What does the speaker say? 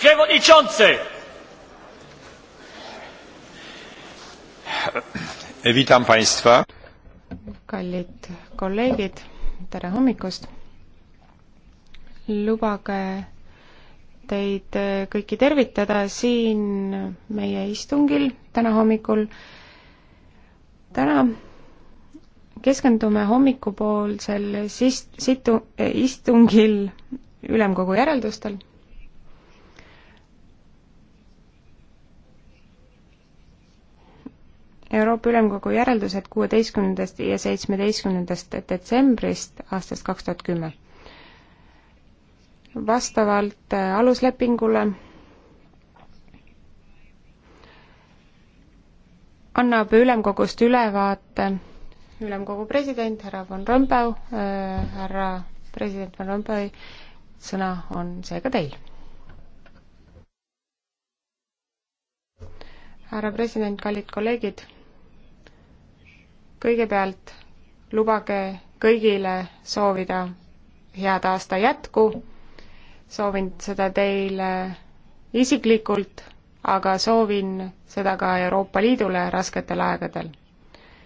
przewodniczący! Witam Państwa. Kallid kolleegid, tere hommikust. Lubage teid kõiki tervitada siin meie istungil täna hommikul. Täna keskendume hommikupoolsel sistu, istungil ülemkogu järeldustel Euroopa Ülemkogu järeldused kuueteistkümnendast ja seitsmeteistkümnendast detsembrist aastast kaks tuhat kümme. vastavalt äh, aluslepingule annab ülemkogust ülevaate ülemkogu president härra Von Rompuy, äh, härra president Van Rompuy, sõna on seega teil. härra president, kallid kolleegid kõigepealt lubage kõigile soovida head aasta jätku, soovin seda teile isiklikult, aga soovin seda ka Euroopa Liidule rasketel aegadel